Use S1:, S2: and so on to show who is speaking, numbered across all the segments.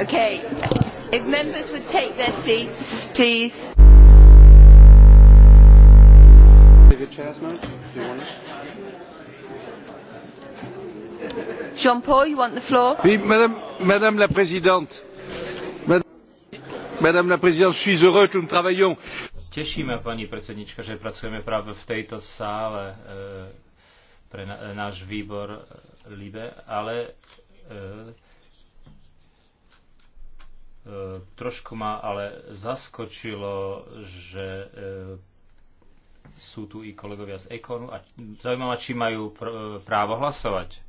S1: Okay. If members would take their seats,
S2: please. Jean-Paul, you want the floor?
S1: Oui, Madame, Madame la Présidente. Madame, Madame la Présidente, je suis heureux que nous travaillons.
S3: Teší ma, pani predsednička, že pracujeme práve v tejto sále e, pre na, náš výbor e, LIBE, ale e, E, trošku ma ale zaskočilo, že e, sú tu i kolegovia z Ekonu a zaujímavá, či majú e, právo hlasovať.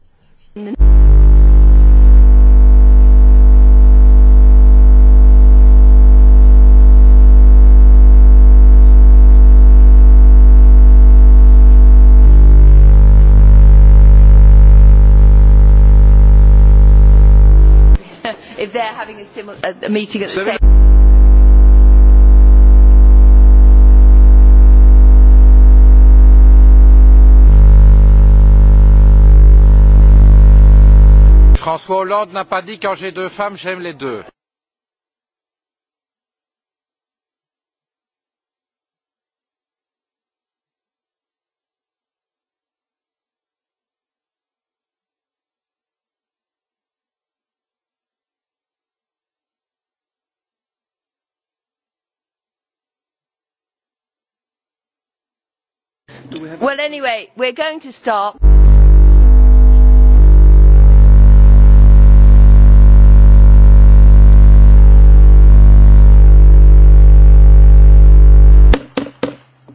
S2: meeting at the same
S3: François Hollande n'a pas dit quand j'ai deux femmes, j'aime les deux.
S2: well anyway we're going to start.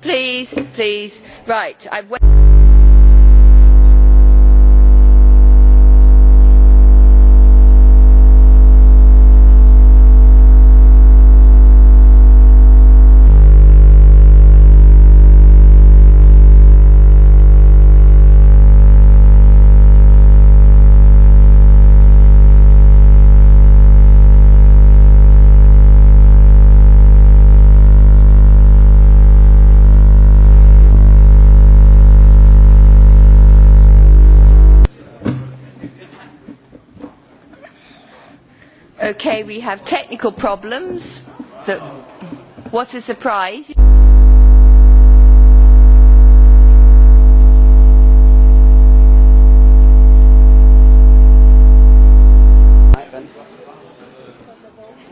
S2: please please right i Okay, we have technical problems. That, what a surprise.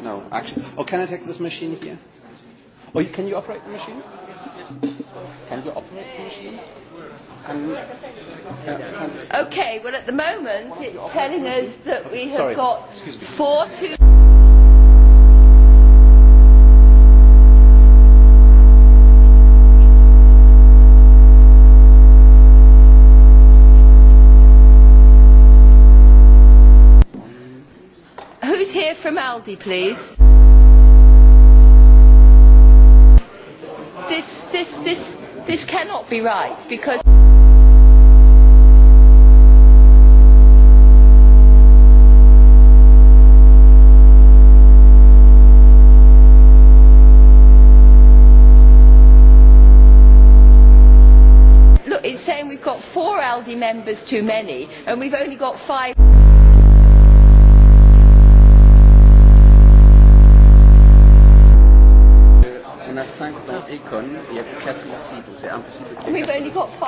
S1: No, actually. Oh, can I take this machine here? Oh, can you operate the machine? Yes, yes. Can you open it, please?
S2: okay, well at the moment it's telling us that we have Sorry. got four two. Who's here from Aldi, please? This cannot be right because. Look, it's saying we've got four ALDE members too many and we've only got five.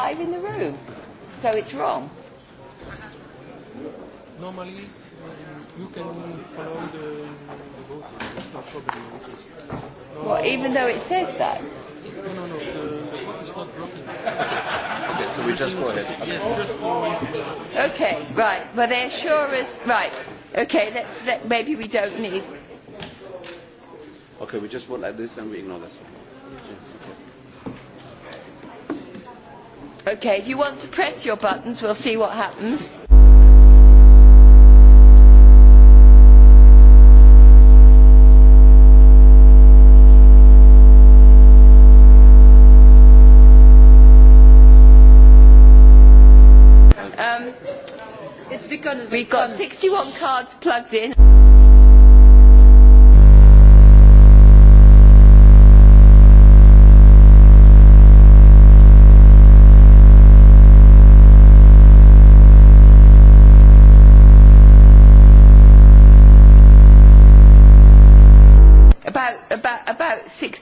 S2: five in the room. So it's wrong.
S1: Normally, um, you can follow the, the vote. It's not problem. No, uh, well, even though it says that? No, no, no. The, the vote is not broken. Okay. okay, so we just go ahead.
S2: Okay. okay, right. Well, they're sure as. Right. Okay, let's, let, maybe we don't need.
S1: Okay, we just vote like this and we ignore this one. Yeah.
S2: Okay, if you want to press your buttons, we'll see what happens. Um, it's because we've got 61 cards plugged in.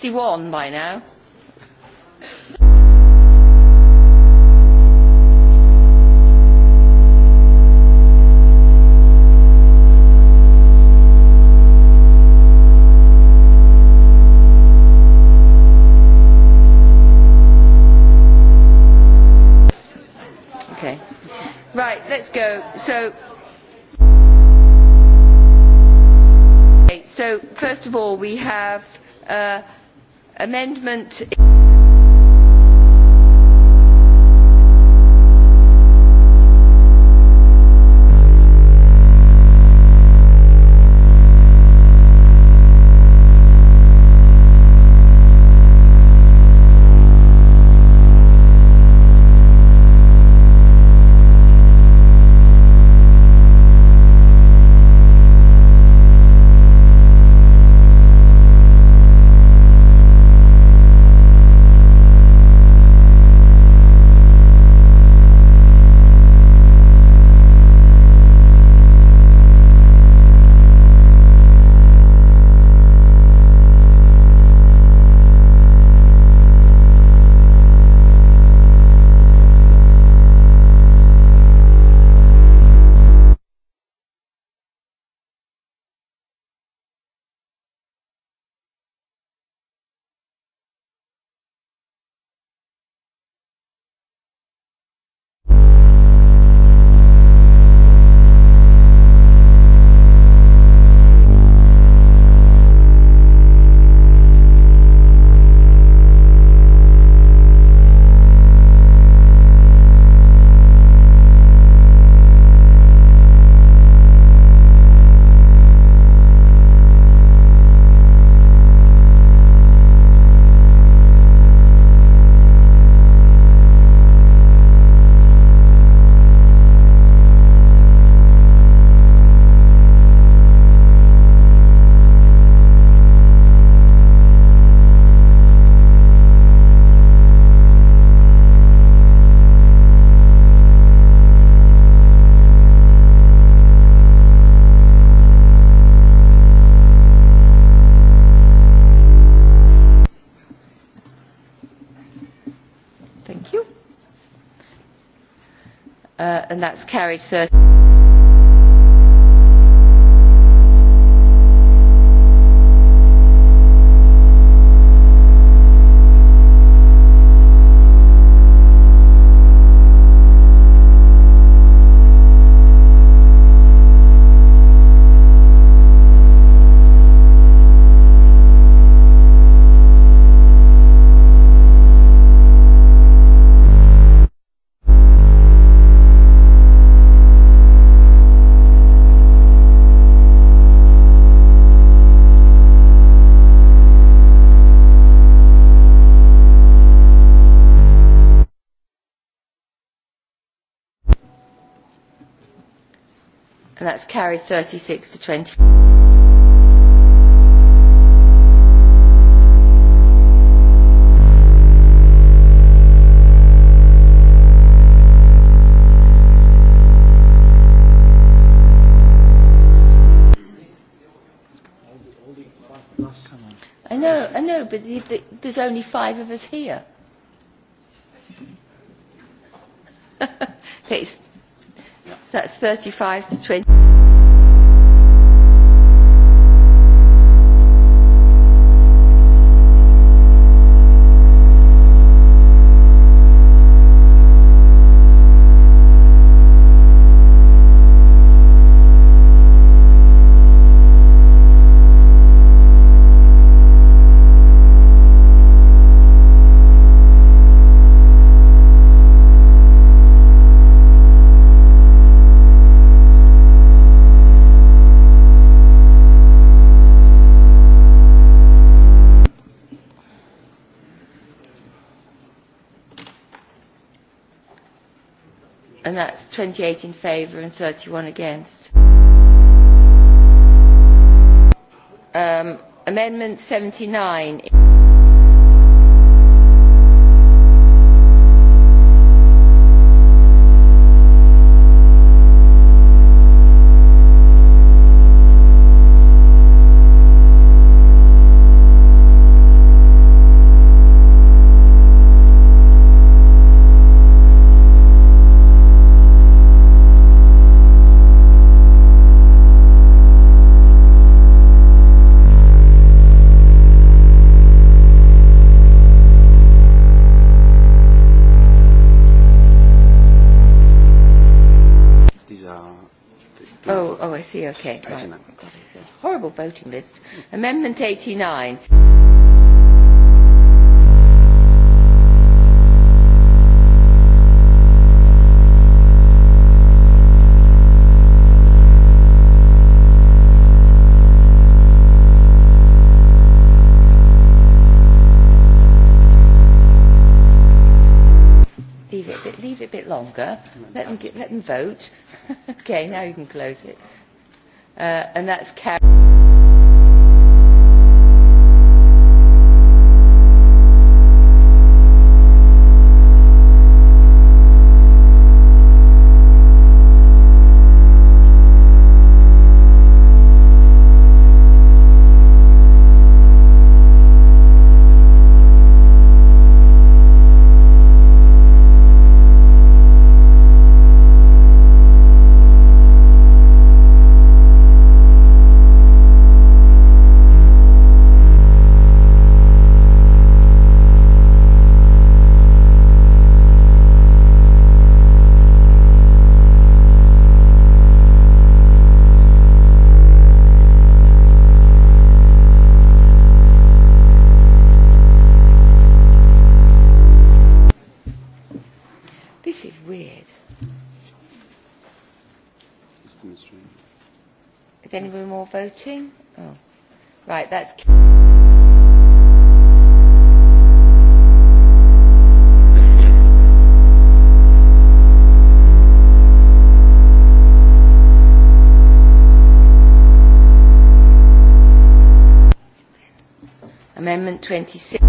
S2: sixty one by now. Okay. Right, let's go. So so first of all we have uh, amendment carried 30 carried thirty six to twenty I know, I know, but the, the, there's only five of us here. okay, that's 35 to 20. and that's 28 in favour and 31 against. Um, amendment 79. Okay, right. Oh, God, it's a horrible voting list. Amendment 89.
S1: Leave it, leave it a bit
S2: longer. Let them, get, let them vote. okay, now you can close it. Uh, and that is voting? Oh. Right, that's... Amendment 26.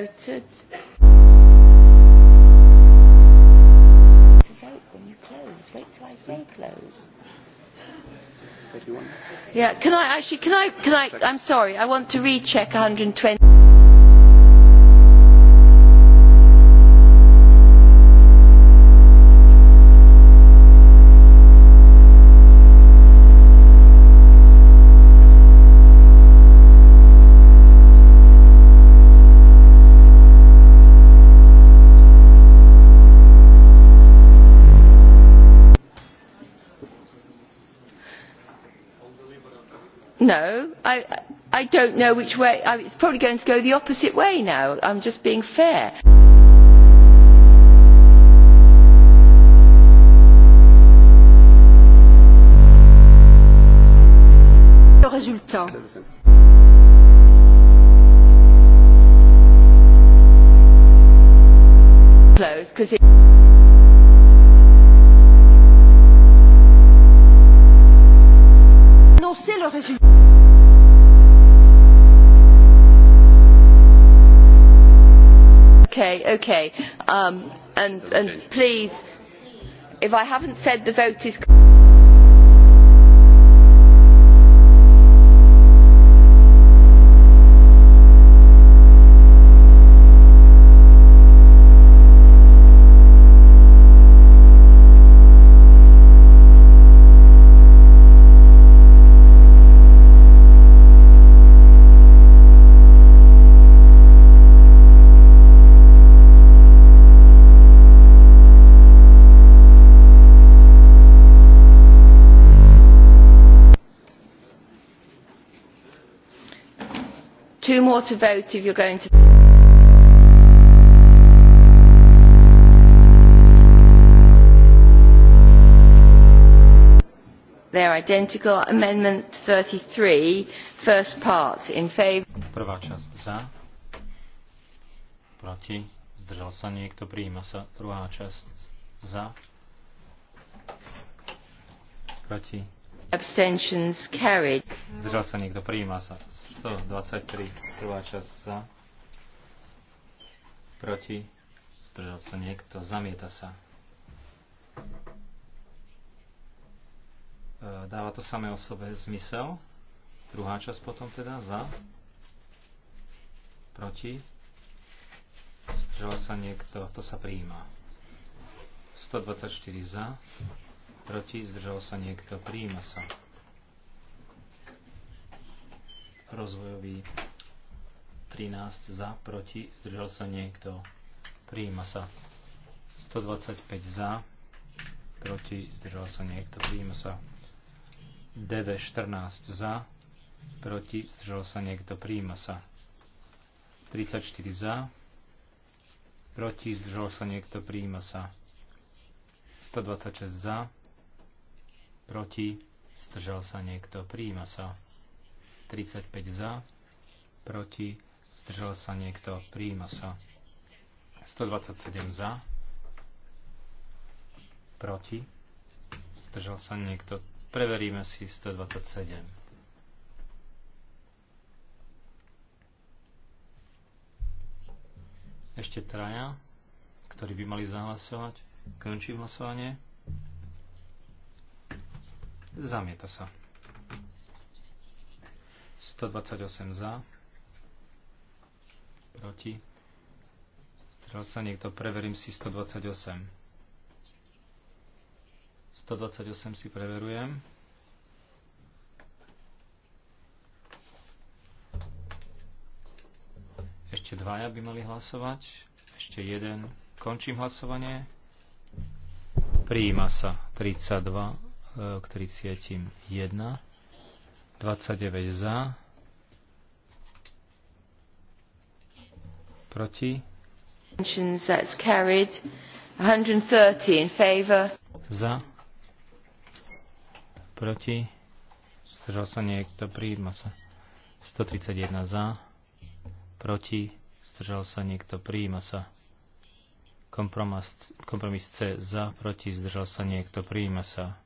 S2: voted? To
S1: vote when you close. Wait till I say close.
S2: Yeah, can I actually, can I, can I, I'm sorry, I want to recheck 120. know i, I do not know which way it is probably going to go the opposite way now i am just being fair. okay um, and, please if i have not said the vote is two more to vote if you are going to they are identical amendment thirty three first part in favour
S3: prvá časť za proti zdržal sa niekto prijíma sa druhá časť za proti
S2: Abstentions carried.
S3: Zdržal sa niekto, prijíma sa. 123, prvá časť za. Proti. Zdržal sa niekto, zamieta sa. E, dáva to samé o sebe zmysel. Druhá časť potom teda za. Proti. Zdržal sa niekto, to sa prijíma. 124 za proti, zdržal sa niekto, prijíma sa. Rozvojový 13 za, proti, zdržal sa niekto, prijíma sa. 125 za, proti, zdržal sa niekto, prijíma sa. DV 14 za, proti, zdržal sa niekto, prijíma sa. 34 za, proti, zdržal sa niekto, prijíma sa. 126 za, proti, zdržal sa niekto, prijíma sa. 35 za, proti, zdržal sa niekto, prijíma sa. 127 za, proti, zdržal sa niekto. Preveríme si 127. Ešte traja, ktorí by mali zahlasovať. Končím hlasovanie. Zamieta sa. 128 za. Proti. Zdržal sa niekto. Preverím si 128. 128 si preverujem. Ešte dvaja by mali hlasovať. Ešte jeden. Končím hlasovanie. Prijíma sa 32 k 31. 29 za. Proti.
S2: 130 in favor.
S3: Za. Proti. Zdržal sa niekto, prijíma sa. 131 za. Proti. Zdržal sa niekto, prijíma sa. Kompromis, C za, proti, zdržal sa niekto, prijíma sa.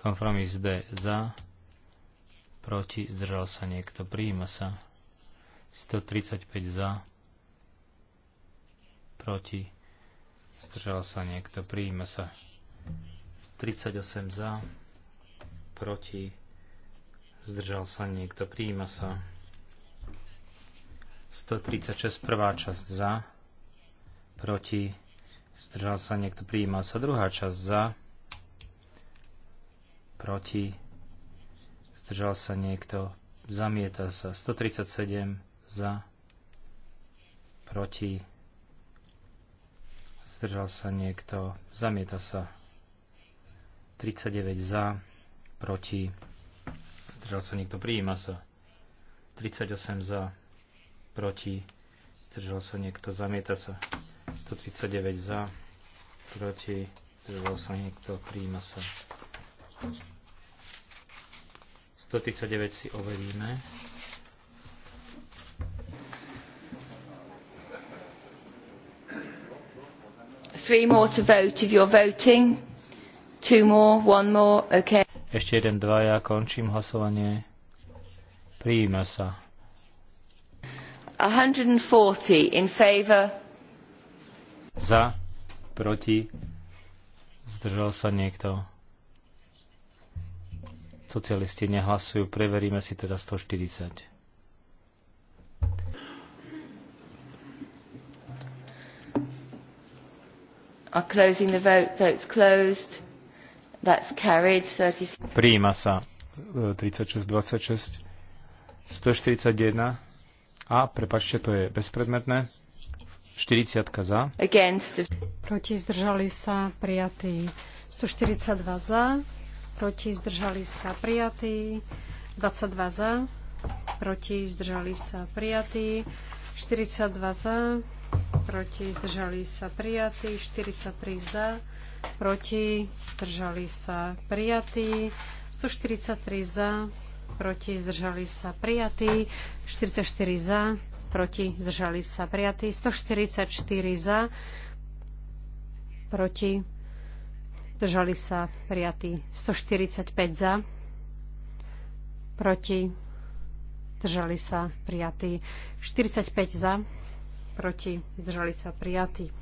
S3: Kompromis D za, proti, zdržal sa niekto, prijíma sa. 135 za, proti, zdržal sa niekto, prijíma sa. 38 za, proti, zdržal sa niekto, prijíma sa. 136 prvá časť za, proti, zdržal sa niekto, prijíma sa druhá časť za, proti, zdržal sa niekto, zamieta sa 137 za, proti, zdržal sa niekto, zamieta sa 39 za, proti, zdržal sa niekto, prijíma sa 38 za, proti, zdržal sa niekto, zamieta sa 139 za, proti, zdržal sa niekto, prijíma sa 139 si overíme.
S2: Three more to vote if you're voting. Two more, one more, okay.
S3: Ešte jeden, dva, ja končím hlasovanie. Prijíma sa.
S2: 140 in favor.
S3: Za, proti, zdržal sa niekto. Socialisti nehlasujú, preveríme si teda 140.
S2: Are closing the vote. Vote's closed. That's carried. 36.
S3: Prijíma sa 3626. E, 141. A, prepačte, to je bezpredmetné. 40 za.
S4: Against. Proti zdržali sa prijatí 142 za proti zdržali sa prijatí, 22 za, proti zdržali sa prijatí, 42 za, proti zdržali sa prijatí, 43 za, proti zdržali sa prijatí, 143 za, proti zdržali sa prijatí, 44 za, proti zdržali sa prijatí, 144 za, proti zdržali sa prijatí 145 za, proti, zdržali sa prijatí 45 za, proti, zdržali sa prijatí.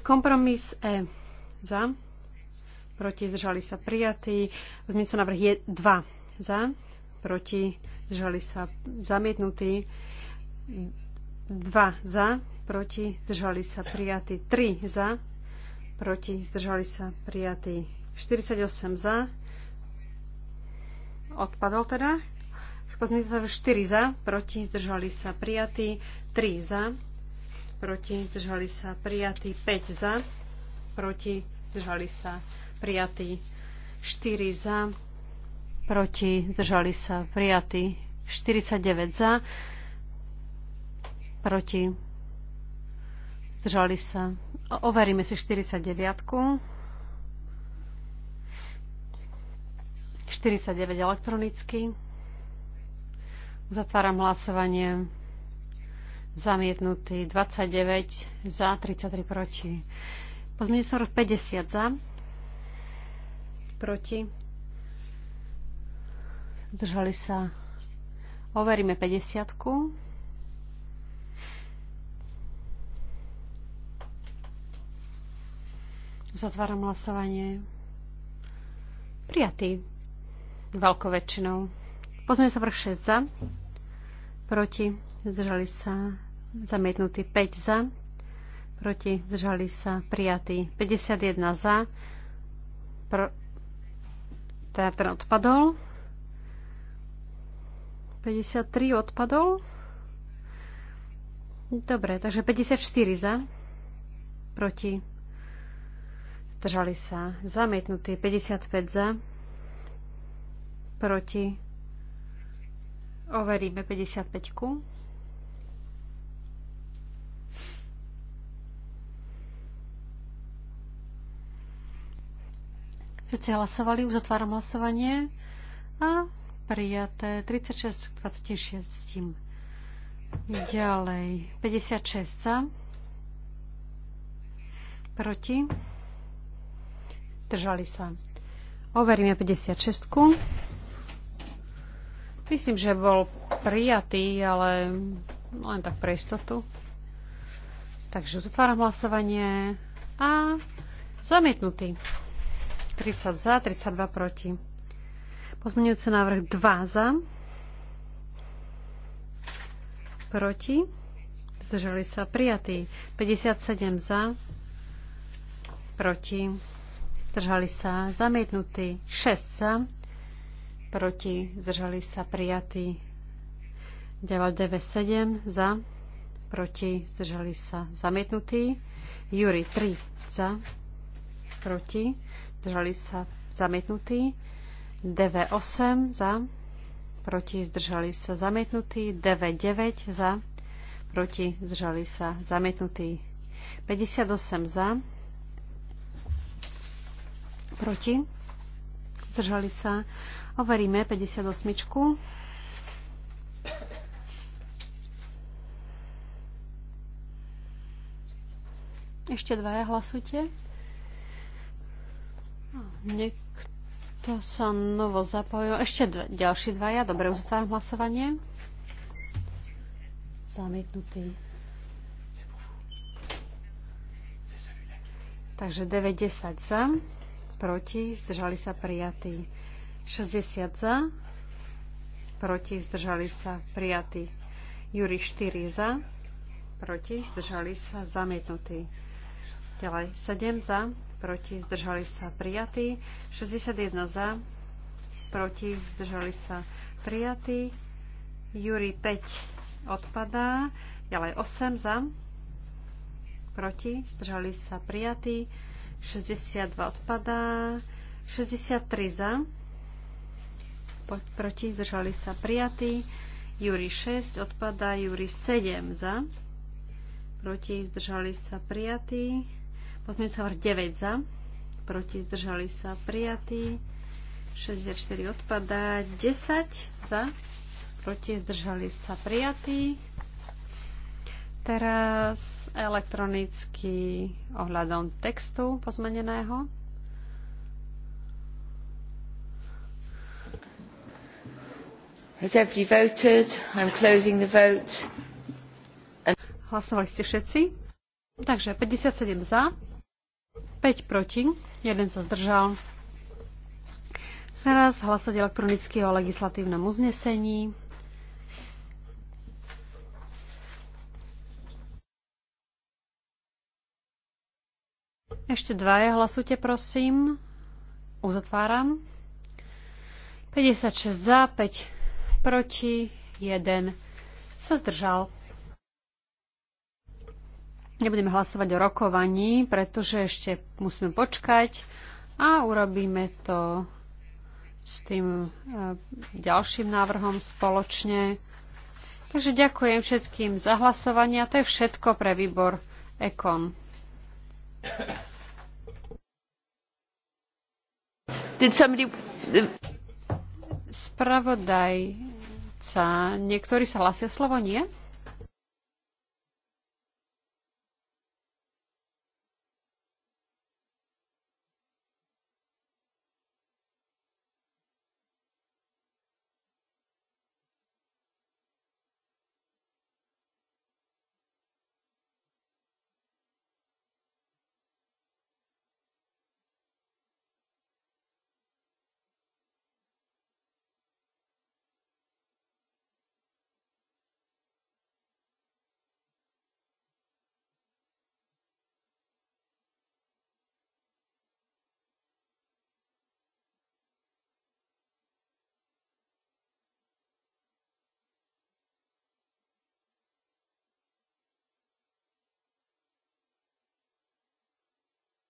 S4: Kompromis E za, proti, zdržali sa prijatí. Pozmienco návrh je 2 za, proti, zdržali sa zamietnutí. 2 za, proti, zdržali sa prijatí. 3 za, proti, zdržali sa prijatí. 48 za, odpadol teda. Pozmite sa, že 4 za, proti, zdržali sa prijatí. 3 za, proti, zdržali sa prijatí. 5 za, proti, zdržali sa prijatí. 4 za, proti, zdržali sa prijatí. 49 za, proti, zdržali sa prijatí. Overíme si 49. 49 elektronicky. Zatváram hlasovanie. Zamietnutý 29 za, 33 proti. Pozmeňujem sa 50 za, proti. Zdržali sa. Overíme 50. -ku. Zatváram hlasovanie. Prijatý. Veľkou väčšinou. Pozmeňujem sa vrch 6 za. Proti. Zdržali sa. Zamietnutý 5 za. Proti. Zdržali sa. Prijatý. 51 za. Pro... Teda ten odpadol. 53 odpadol. Dobre, takže 54 za. Proti zdržali sa zamietnutí 55 za, proti, overíme 55 ku. Všetci hlasovali, už otváram hlasovanie a prijaté 36 k 26. Ďalej 56 za, proti, Držali sa. Overíme 56. Myslím, že bol prijatý, ale len tak pre istotu. Takže zatváram hlasovanie a zamietnutý. 30 za, 32 proti. Pozmeňujúci návrh 2 za, proti, zdržali sa prijatý. 57 za, proti zdržali sa zamietnutí, 6 za, proti, zdržali sa prijatí, 997 za, proti, zdržali sa zamietnutí, Juri 3 za, proti, zdržali sa zamietnutí, DV8 za, proti, zdržali sa zamietnutí, DV9 za, proti, zdržali sa zamietnutí, 58 za, Proti? Zdržali sa. Overíme 58. Ešte dvaja hlasujte. Niekto sa novo zapojil. Ešte dva, ďalší dvaja. Dobre, uzatváram hlasovanie. Zamietnutý. Takže 90 za proti, zdržali sa prijatí. 60 za, proti, zdržali sa prijatí. Juri 4 za, proti, zdržali sa zamietnutí. Ďalej 7 za, proti, zdržali sa prijatí. 61 za, proti, zdržali sa prijatí. Juri 5 odpadá. Ďalej 8 za, proti, zdržali sa prijatí. 62 odpadá. 63 za. Proti zdržali sa prijatí. Júri 6 odpadá. Júri 7 za. Proti zdržali sa prijatí. Pozmeňujúci 9 za. Proti zdržali sa prijatí. 64 odpadá. 10 za. Proti zdržali sa prijatí. Teraz elektronicky ohľadom textu pozmeneného. Has everybody voted? I'm closing the vote. And... Hlasovali ste všetci? Takže 57 za, 5 proti, 1 sa zdržal. Teraz hlasovať elektronicky o legislatívnom uznesení. Ešte dvaja hlasujte, prosím. Uzatváram. 56 za, 5 proti, 1 sa zdržal. Nebudeme hlasovať o rokovaní, pretože ešte musíme počkať a urobíme to s tým e, ďalším návrhom spoločne. Takže ďakujem všetkým za hlasovanie a to je všetko pre výbor EKON. Did somebody... Spravodajca. Niektorí sa hlasia slovo, nie?